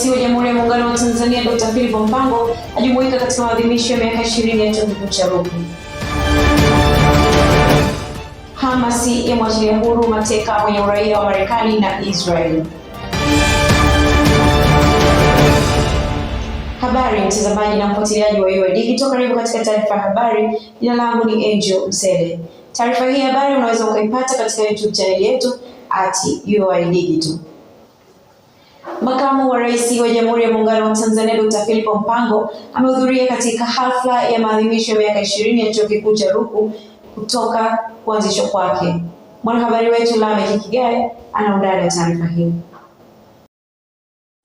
Rais wa Jamhuri ya Muungano wa Tanzania Dr. Philip Mpango ajumuika katika maadhimisho ya miaka 20 ya Chuo Kikuu cha Rugby. Hamasi mwachilia huru mateka mwenye uraia wa Marekani na israel Habari mtazamaji na mfuatiliaji wa UoI Digital, karibu katika taarifa ya habari. Jina langu ni Angel Msele. Taarifa hii ya habari unaweza ukaipata katika YouTube chaneli yetu at UoI Digital. Makamu wa Rais wa Jamhuri ya Muungano wa Tanzania Dkt. Philip Mpango amehudhuria katika hafla ya maadhimisho ya miaka ishirini ya Chuo Kikuu cha Ruku kutoka kuanzishwa kwake. Mwanahabari wetu Lame Kigae ana undani wa taarifa hii.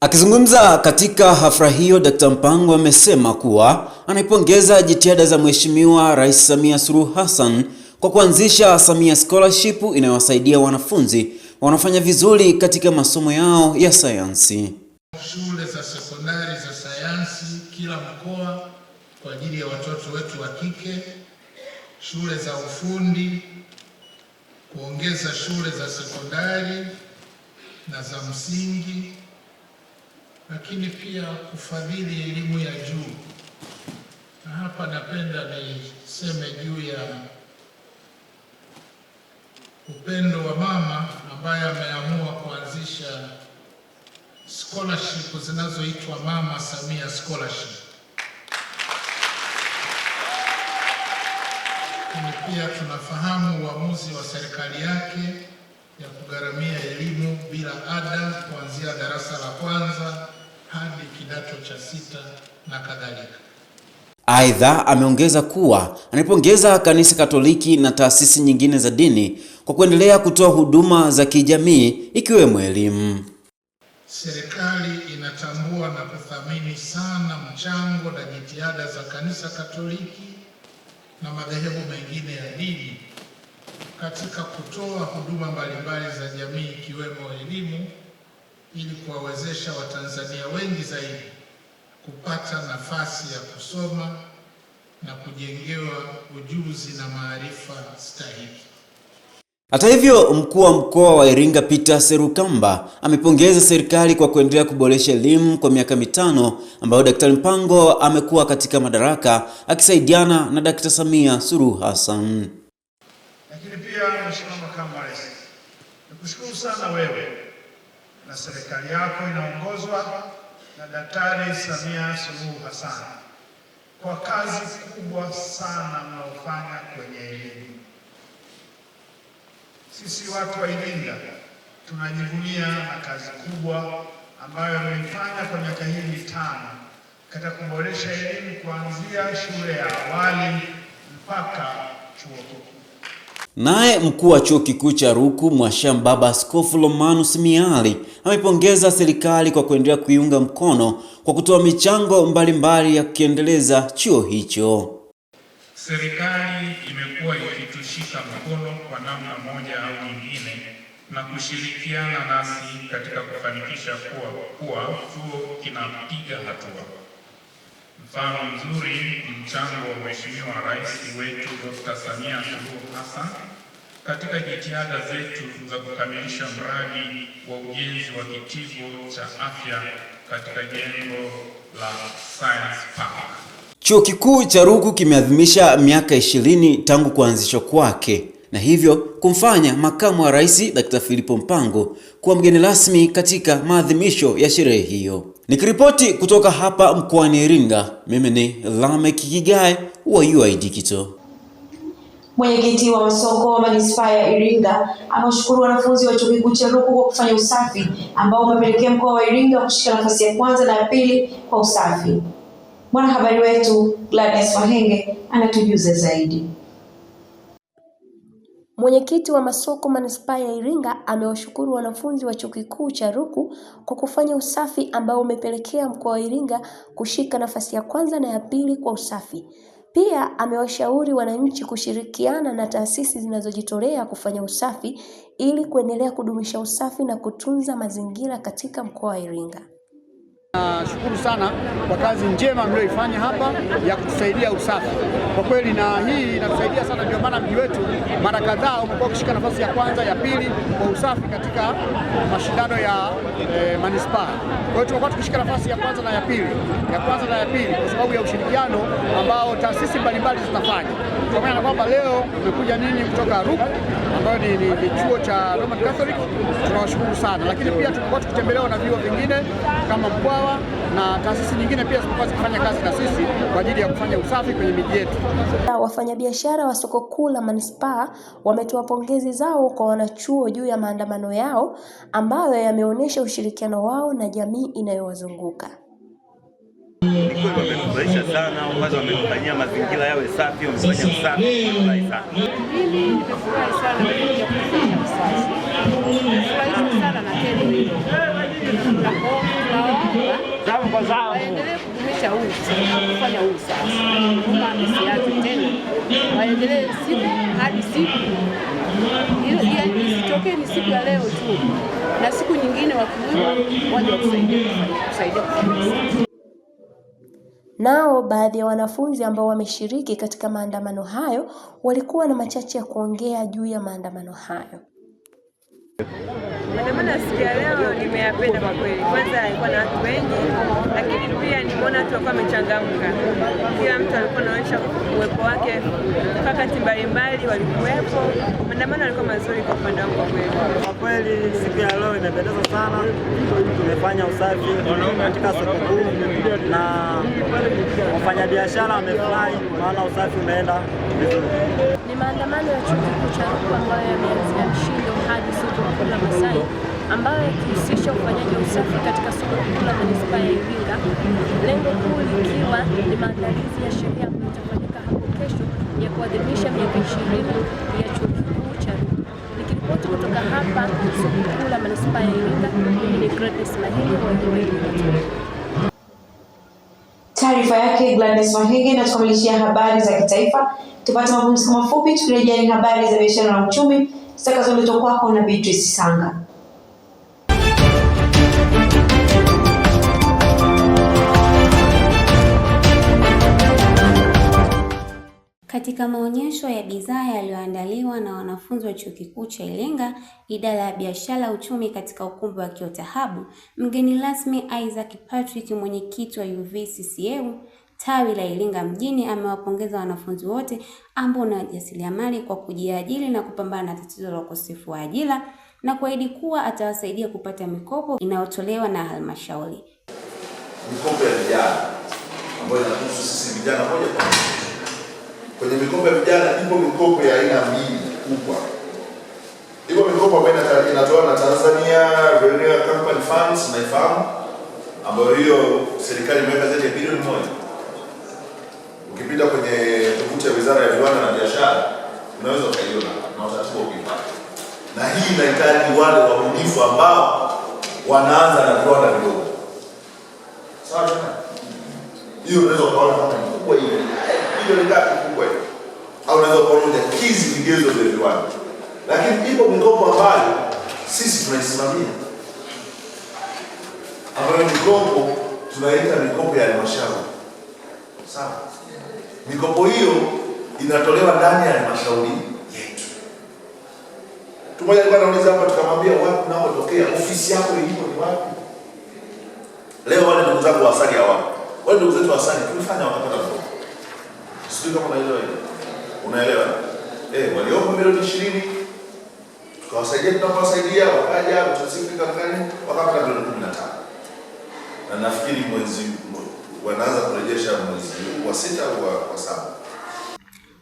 Akizungumza katika hafla hiyo, Dkt. Mpango amesema kuwa anaipongeza jitihada za Mheshimiwa Rais Samia Suluhu Hassan kwa kuanzisha Samia Scholarship inayowasaidia wanafunzi wanafanya vizuri katika masomo yao ya sayansi. Shule za sekondari za sayansi kila mkoa kwa ajili ya watoto wetu wa kike, shule za ufundi, kuongeza shule za sekondari na za msingi, lakini pia kufadhili elimu ya juu. Na hapa napenda niseme juu ya upendo wa mama ambaye ameamua kuanzisha scholarship zinazoitwa Mama Samia Scholarship. Lakini pia tunafahamu uamuzi wa serikali yake ya kugharamia elimu bila ada kuanzia darasa la kwanza hadi kidato cha sita na kadhalika. Aidha, ameongeza kuwa anapongeza Kanisa Katoliki na taasisi nyingine za dini kwa kuendelea kutoa huduma za kijamii ikiwemo elimu. Serikali inatambua na kuthamini sana mchango na jitihada za Kanisa Katoliki na madhehebu mengine ya dini katika kutoa huduma mbalimbali za jamii ikiwemo elimu ili kuwawezesha Watanzania wengi zaidi kupata nafasi ya kusoma na kujengewa ujuzi na maarifa stahiki. Hata hivyo, mkuu wa mkoa wa Iringa Peter Serukamba amepongeza serikali kwa kuendelea kuboresha elimu kwa miaka mitano ambayo Daktari Mpango amekuwa katika madaraka akisaidiana na Daktari Samia Suluhu Hassan. Lakini pia Mheshimiwa Makamu wa Rais, nikushukuru sana wewe na serikali yako inaongozwa na Daktari Samia Suluhu Hassan kwa kazi kubwa sana mnaofanya kwenye elimu. Sisi watu wa Iringa tunajivunia na kazi kubwa ambayo ameifanya kwa miaka hii mitano katika kuboresha elimu kuanzia shule ya awali mpaka chuo kikuu. Naye mkuu wa chuo kikuu cha Ruku baba Askofu Lomanus Miali ameipongeza serikali kwa kuendelea kuiunga mkono kwa kutoa michango mbalimbali ya kukiendeleza chuo hicho. Serikali imekuwa ikitushika mkono kwa namna moja au nyingine na kushirikiana nasi katika kufanikisha kuwa kuwa chuo kinapiga hatua. Mfano mzuri ni mchango wa Mheshimiwa Rais wetu Dr. Samia Suluhu Hassan katika jitihada zetu za kukamilisha mradi wa ujenzi wa kitivo cha afya katika jengo la Science Park. Chuo Kikuu cha Ruku kimeadhimisha miaka ishirini tangu kuanzishwa kwake na hivyo kumfanya Makamu wa Rais Dr. Philipo Mpango kuwa mgeni rasmi katika maadhimisho ya sherehe hiyo. Nikiripoti kutoka hapa mkoani Iringa, mimi ni Lamek Kigae wa UoI Digital. Mwenyekiti wa masoko wa manispaa ya Iringa amewashukuru wanafunzi wa chuo kikuu cha Ruku kwa kufanya usafi ambao umepelekea mkoa wa Iringa kushika nafasi ya kwanza na ya pili kwa usafi. Mwanahabari wetu Gladys Wahenge anatujuza zaidi. Mwenyekiti wa masoko manispaa ya Iringa amewashukuru wanafunzi wa chuo kikuu cha Ruku kwa kufanya usafi ambao umepelekea mkoa wa Iringa kushika nafasi ya kwanza na ya pili kwa usafi. Pia amewashauri wananchi kushirikiana na taasisi zinazojitolea kufanya usafi ili kuendelea kudumisha usafi na kutunza mazingira katika mkoa wa Iringa. Nashukuru sana kwa kazi njema mlioifanya hapa ya kutusaidia usafi kwa kweli, na hii inatusaidia sana. Ndio maana mji wetu mara kadhaa umekuwa ukishika nafasi ya kwanza, ya pili kwa usafi katika mashindano ya e, manispaa. Kwa hiyo tumekuwa tukishika nafasi ya kwanza na ya pili, ya kwanza na ya pili kwa sababu ya ushirikiano ambao taasisi mbalimbali zinafanya, pamoja na kwamba leo umekuja ninyi kutoka RUCU ambayo ni, ni, ni chuo cha Roman Catholic. Tunawashukuru sana, lakini pia tumekuwa tukitembelewa na vyuo vingine kama Mkwawa na taasisi nyingine pia zimekuwa zikifanya kazi na sisi kwa ajili ya kufanya usafi kwenye miji yetu. Wafanyabiashara wa soko kuu la manispaa wametoa pongezi zao kwa wanachuo juu ya maandamano yao ambayo yameonyesha ushirikiano wao na jamii inayowazunguka ni kweli wametufurahisha sana, kwanza wametufanyia mazingira yawe safi, wamefanya usafi, nimefurahi sana. Mimi nimefurahi sana waendelee kudumisha huu kufanya huu sasa tena, waendelee siku hadi siku yaani isitokee ni siku ya leo tu, na siku nyingine wakiwemo waje wakusaidia kusaidia Nao baadhi ya wanafunzi ambao wameshiriki katika maandamano hayo walikuwa na machache ya kuongea juu ya maandamano hayo. Maandamano ya siku ya leo nimeyapenda kwa kweli. Kwanza alikuwa na watu wengi, lakini pia nimeona watu walikuwa wamechangamka. Kila mtu alikuwa anaonyesha uwepo wake, wakati mbalimbali walikuwepo. Maandamano yalikuwa mazuri kwa upande wangu kwa kweli. Kwa kweli siku ya leo imependeza sana, tumefanya usafi katika soko kuu na wafanyabiashara wamefurahi, maana usafi umeenda vizuri. Ni maandamano ya chuo kikuu cha Rukwa ambayo yameanzia Mshindo hadi soko soko la Masai ambayo yakihusisha ufanyaji wa usafi katika soko kuu la manispaa ya Iringa, lengo kuu likiwa ni maandalizi ya sherehe ambayo itafanyika hapo kesho ya kuadhimisha miaka ishirini ya chuo kikuu cha Ruvu. Nikiripoti kutoka hapa soko kuu la manispaa ya Iringa, mimi ni Gladys Mahili wa Iringa. Taarifa yake Gladys Mahenge. Na tukamilishia habari za kitaifa, tupate mapumziko mafupi, tukirejea ni habari za biashara na uchumi zitakazoletwa kwako na Beatrice Sanga. Katika maonyesho ya bidhaa yaliyoandaliwa na wanafunzi wa Chuo Kikuu cha Iringa, idara ya biashara uchumi, katika ukumbi wa Kiotahabu, mgeni rasmi Isaac Patrick, mwenyekiti wa uvccm tawi la Iringa mjini amewapongeza wanafunzi wote ambao na wajasiriamali kwa kujiajiri na kupambana na tatizo la ukosefu wa ajira na kuahidi kuwa atawasaidia kupata mikopo inayotolewa na halmashauri. Mikopo ya vijana ambayo inahusu sisi vijana moja kwa moja. Kwenye mikopo ya vijana ipo mikopo ya aina mbili kubwa. Ipo mikopo ambayo inatolewa na Tanzania Revenue Company Funds, naifahamu ambayo hiyo serikali imeweka zaidi ya bilioni moja Ukipita kwenye tovuti ya Wizara ya Viwanda na Biashara unaweza ukaiona na utaratibu ukipata, na hii inahitaji wale wabunifu ambao wanaanza na viwanda vidogo. Sawa, hiyo unaweza ukaona kama kubwa ile ile ni ngapi kubwa ile, au unaweza ukaona kizi vigezo vya viwanda, lakini ipo mikopo ambayo sisi tunaisimamia ambayo mikopo tunaita mikopo ya halmashauri sawa Mikopo hiyo inatolewa ndani ya halmashauri yetu. Tumoja alikuwa anauliza hapa, tukamwambia wapi unaotokea, ofisi yako ilipo ni wapi? Leo wale ndugu zangu wasali hawa, wale ndugu zetu wasali tulifanya wakapata mkopo, sijui kama unaelewa hiyo, unaelewa eh, waliomba milioni ishirini tukawasaidia, tunawasaidia wakaja, kani wakapata milioni kumi na tano na nafikiri mwezi wanaanza kurejesha mwezi wa sita au wa saba.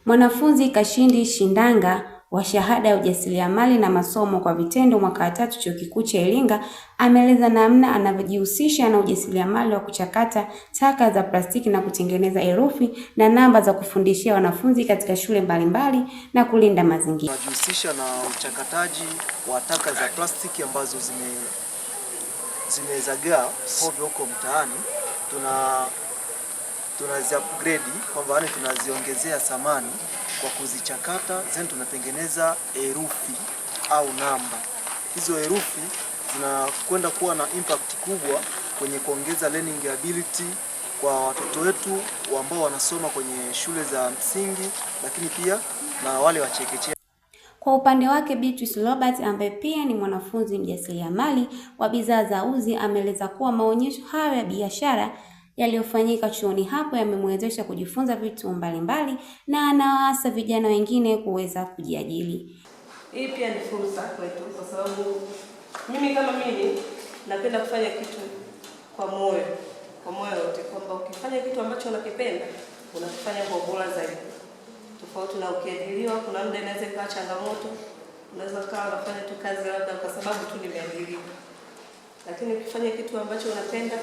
Mwanafunzi Kashindi Shindanga wa shahada ya ujasiriamali na masomo kwa vitendo mwaka wa tatu chuo kikuu cha Iringa ameeleza namna anavyojihusisha na ujasiriamali wa kuchakata taka za plastiki na kutengeneza herufi na namba za kufundishia wanafunzi katika shule mbalimbali na kulinda mazingira. Anajihusisha na uchakataji wa taka za plastiki ambazo zimezagaa zime huko mtaani tuna tunazi upgrade kwamba yani tunaziongezea thamani kwa kuzichakata, then tunatengeneza herufi au namba. Hizo herufi zinakwenda kuwa na impact kubwa kwenye kuongeza learning ability kwa watoto wetu ambao wanasoma kwenye shule za msingi, lakini pia na wale wa chekechea. Kwa upande wake Beatrice Robert ambaye pia ni mwanafunzi mjasiriamali wa bidhaa za uzi ameeleza kuwa maonyesho hayo ya biashara yaliyofanyika chuoni hapo yamemwezesha kujifunza vitu mbalimbali na anawaasa vijana wengine kuweza kujiajiri. Hii pia ni fursa kwetu, kwa sababu mimi kama mimi napenda kufanya kitu kwa moyo, kwa moyo wote, kwamba ukifanya kitu ambacho unakipenda unakifanya kwa ubora zaidi tofauti na ukiajiriwa. Kuna muda inaweza ikawa changamoto, unaweza ukawa unafanya tu kazi labda kwa sababu tu nimeajiriwa, lakini ukifanya kitu ambacho unapenda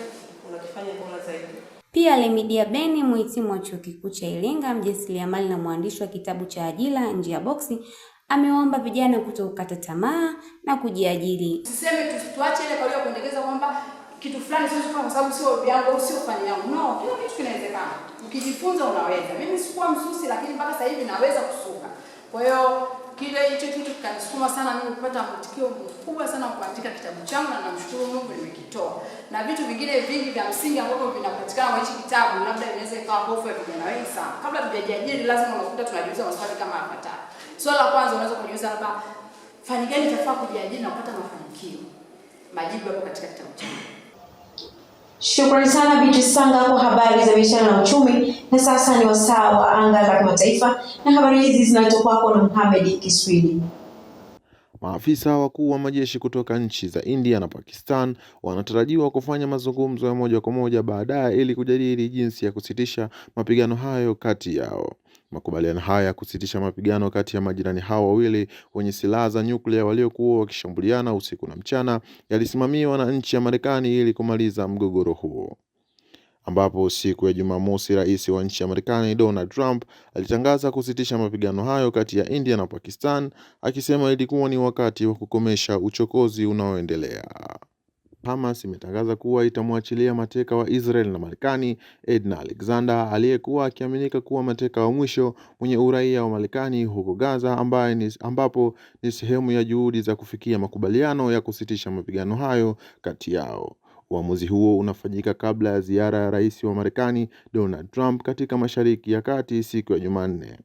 unakifanya bora zaidi. Pia Lemidia Beni, mhitimu wa chuo kikuu cha Iringa, mjasiriamali na mwandishi wa kitabu cha Ajira Nje ya Boksi, amewaomba vijana kutokata tamaa na kujiajiri. Tuseme tuache ile kauli ya kuendekeza kwamba kitu fulani sio kwa sababu sio vyangu au sio fani yangu. No, kila kitu kinawezekana ukijifunza unaweza. Mimi sikuwa msusi, lakini mpaka sasa hivi naweza kusuka. Kwa hiyo kile hicho kitu kikanisukuma sana mimi kupata mtikio mkubwa sana wa kuandika kitabu changu, na namshukuru Mungu nimekitoa, na vitu vingine vingi vya msingi ambavyo vinapatikana kwa hichi kitabu, labda inaweza ikawa hofu ya vijana wengi sana. Kabla tujajiajiri, lazima unakuta tunajiuliza maswali kama yafuatayo. Swali la kwanza, unaweza kujiuliza labda fani gani itafaa kujiajiri na kupata mafanikio? Majibu yapo katika kitabu changu. Shukrani sana Beatrice Sanga kwa habari za biashara na uchumi. Na sasa ni wasaa wa anga la kimataifa, na habari hizi zinaletwa kwako na Mohamed Kiswidi. Maafisa wakuu wa majeshi kutoka nchi za India na Pakistan wanatarajiwa kufanya mazungumzo ya moja kwa moja baadaye ili kujadili jinsi ya kusitisha mapigano hayo kati yao. Makubaliano haya ya kusitisha mapigano kati ya majirani hao wawili wenye silaha za nyuklia waliokuwa wakishambuliana usiku na mchana yalisimamiwa na nchi ya Marekani ili kumaliza mgogoro huo ambapo siku ya Jumamosi rais wa nchi ya Marekani Donald Trump alitangaza kusitisha mapigano hayo kati ya India na Pakistan akisema ilikuwa ni wakati wa kukomesha uchokozi unaoendelea. Hamas imetangaza kuwa itamwachilia mateka wa Israel na Marekani Edna Alexander aliyekuwa akiaminika kuwa mateka wa mwisho mwenye uraia wa Marekani huko Gaza ambaye ni, ambapo ni sehemu ya juhudi za kufikia makubaliano ya kusitisha mapigano hayo kati yao. Uamuzi huo unafanyika kabla ya ziara ya rais wa Marekani Donald Trump katika Mashariki ya Kati siku ya Jumanne.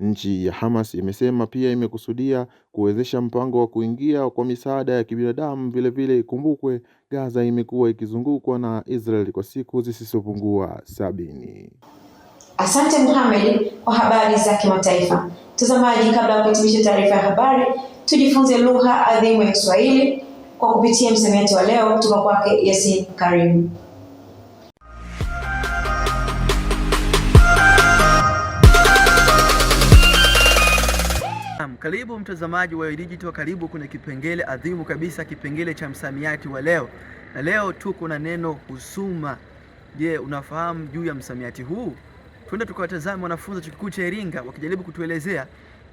Nchi ya Hamas imesema pia imekusudia kuwezesha mpango wa kuingia kwa misaada ya kibinadamu. Vilevile ikumbukwe, Gaza imekuwa ikizungukwa na Israel kwa siku zisizopungua sabini. Asante Muhammad kwa habari za kimataifa. Mtazamaji, kabla ya kuhitimisha taarifa ya habari, tujifunze lugha adhimu ya Kiswahili kwa kupitia msamiati wa leo kutoka kwake Yasin Karim. Karibu mtazamaji wa Digital, karibu kwenye kipengele adhimu kabisa, kipengele cha msamiati wa leo, na leo tu kuna neno husuma. Je, unafahamu juu ya msamiati huu? Twende tukawatazame wanafunzi wa chuo kikuu cha Iringa wakijaribu kutuelezea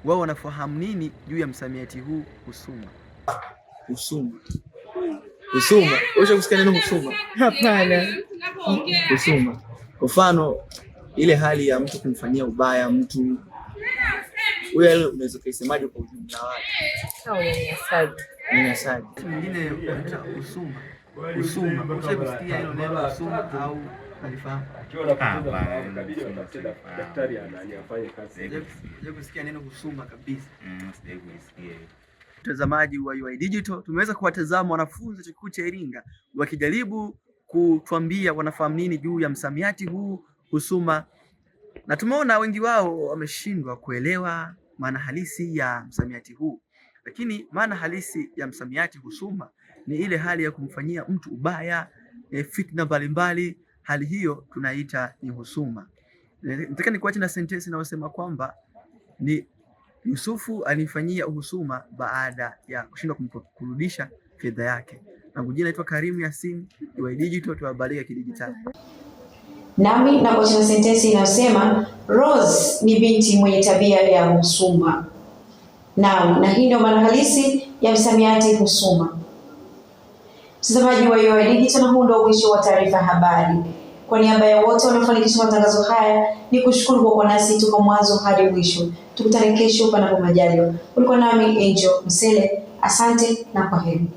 wao wanafahamu nini juu ya msamiati huu husuma. Husuma, husuma. Unaweza kusikia neno husuma? Hapana. Husuma, kwa mfano ile hali ya mtu kumfanyia ubaya mtu wewe yaani unaweza kusemaje kwa ujumla wake? usuma neno usuma mm, Mtazamaji wa UoI Digital, tumeweza kuwatazama wanafunzi wa chuo kikuu cha Iringa wakijaribu kutuambia wanafahamu nini juu ya msamiati huu husuma, na tumeona wengi wao wameshindwa kuelewa maana halisi ya msamiati huu. Lakini maana halisi ya msamiati husuma ni ile hali ya kumfanyia mtu ubaya, e, fitna mbalimbali. Hali hiyo tunaita ni husuma. Eh, nataka nikuache na sentensi inayosema kwamba ni Yusufu alifanyia uhusuma baada ya kushindwa kumrudisha fedha yake. Langu jina naitwa Karimu Yasin wa Digital, tuwabariki kidijitali nami na kwa sentensi inayosema Rose ni binti mwenye tabia ya husuma. Naam, na hii ndio maana halisi ya msamiati husuma. Mtazamaji wa UoI Digital, na huu ndio mwisho wa taarifa habari. Kwa niaba ya wote wanaofanikisha matangazo haya, ni kushukuru kwa kuwa nasi tuko mwanzo hadi mwisho. Tukutane kesho panapo majaliwa. Ulikuwa nami Angel Msele, asante na kwaheri.